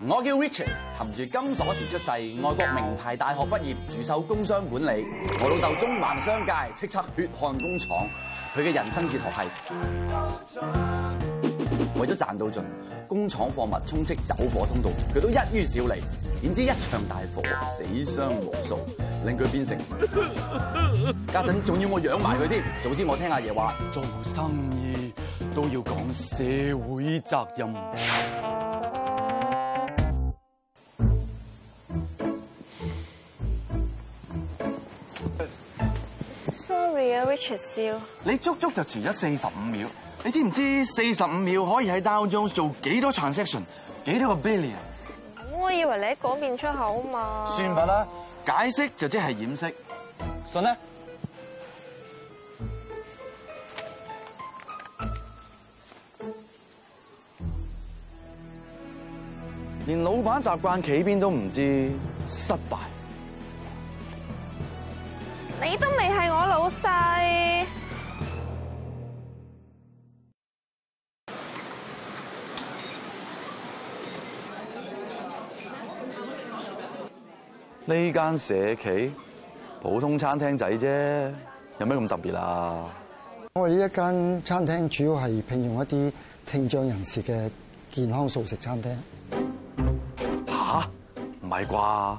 我叫 Richard，含住金鎖匙出世，外國名牌大學畢業，主修工商管理。我老豆中環商界，叱咤血汗工廠。佢嘅人生哲學係為咗賺到盡，工廠貨物充斥走火通道，佢都一於少理。點知一場大火，死傷無數，令佢變成家陣仲要我養埋佢添。早知我聽阿爺話，做生意都要講社會責任。你，你足足就遲咗四十五秒，你知唔知四十五秒可以喺 download 做幾多 transaction，幾多個 billion？我以為你喺嗰邊出口啊嘛。算吧啦，解釋就即係掩飾，信咧？連老闆習慣企邊都唔知，失敗。你都未。好晒，呢間社企普通餐廳仔啫，有咩咁特別啊？我哋呢一間餐廳主要係聘用一啲聽障人士嘅健康素食餐廳。吓？唔係啩？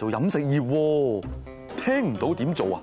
做飲食業，聽唔到點做啊？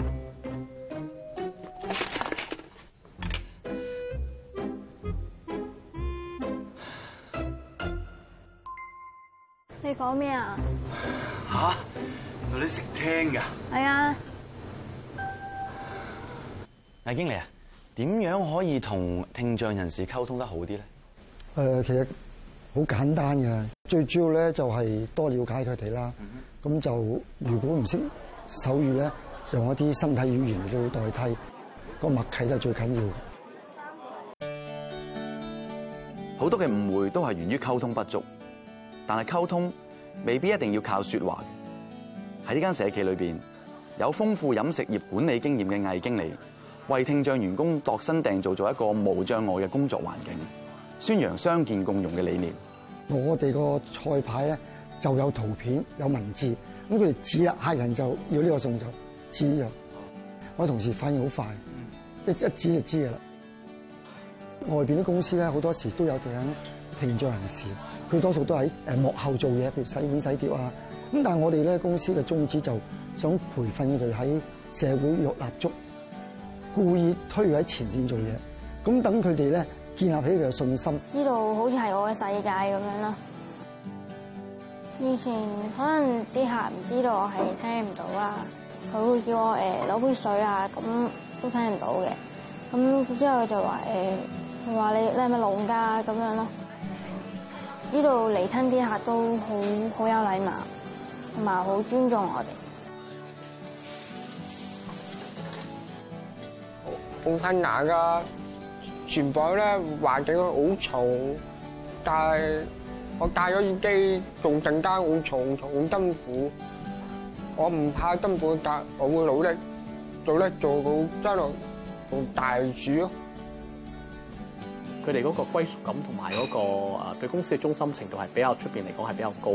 你講咩啊？吓，原來你識聽噶？係啊。阿經理啊，點樣可以同聽障人士溝通得好啲咧？誒、呃，其實好簡單嘅，最主要咧就係多了解佢哋啦。咁就如果唔識手語咧，用一啲身體語言去到代替，個默契就最緊要。好多嘅誤會都係源於溝通不足，但係溝通。未必一定要靠說話。喺呢間社企裏邊，有豐富飲食業管理經驗嘅魏經理，為聽障員工度身訂造咗一個無障礙嘅工作環境，宣揚傷健共融嘅理念。我哋個菜牌咧就有圖片有文字，咁佢哋指啊，客人就要呢個 𩠌 指就知道，我同事反應好快，一一指就知嘅啦。外邊啲公司咧好多時都有請聽障人士，佢多數都喺誒幕後做嘢，譬如洗碗洗碟啊。咁但係我哋咧公司嘅宗旨就想培訓佢喺社會入立足，故意推佢喺前線做嘢，咁等佢哋咧建立起佢嘅信心。呢度好似係我嘅世界咁樣咯。以前可能啲客唔知道我係聽唔到啦，佢會叫我誒攞杯水啊，咁都聽唔到嘅。咁之後就話誒，話你你係咪聾㗎咁樣咯。呢度嚟親啲客都好好有禮貌，同埋好尊重我哋。好困難噶，廚房咧環境好嘈，但係我戴咗耳機仲更加好嘈，好辛苦。我唔怕辛苦，但我會努力做，做得做到真係做大廚。佢哋嗰個歸屬感同埋嗰個誒對公司嘅忠心程度係比較出面嚟講係比較高。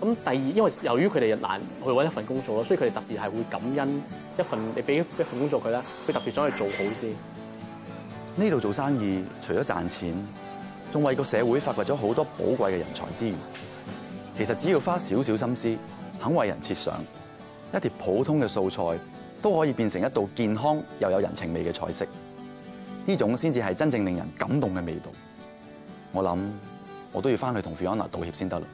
咁第二，因為由於佢哋難去搵一份工作咯，所以佢哋特別係會感恩一份你俾一份工作佢啦，佢特別想去做好啲。呢度做生意，除咗賺錢，仲為個社會發掘咗好多寶貴嘅人才資源。其實只要花少少心思，肯為人設想，一碟普通嘅素菜都可以變成一道健康又有人情味嘅菜式。呢種先至係真正令人感動嘅味道，我諗我都要返去同菲安娜道歉先得啦。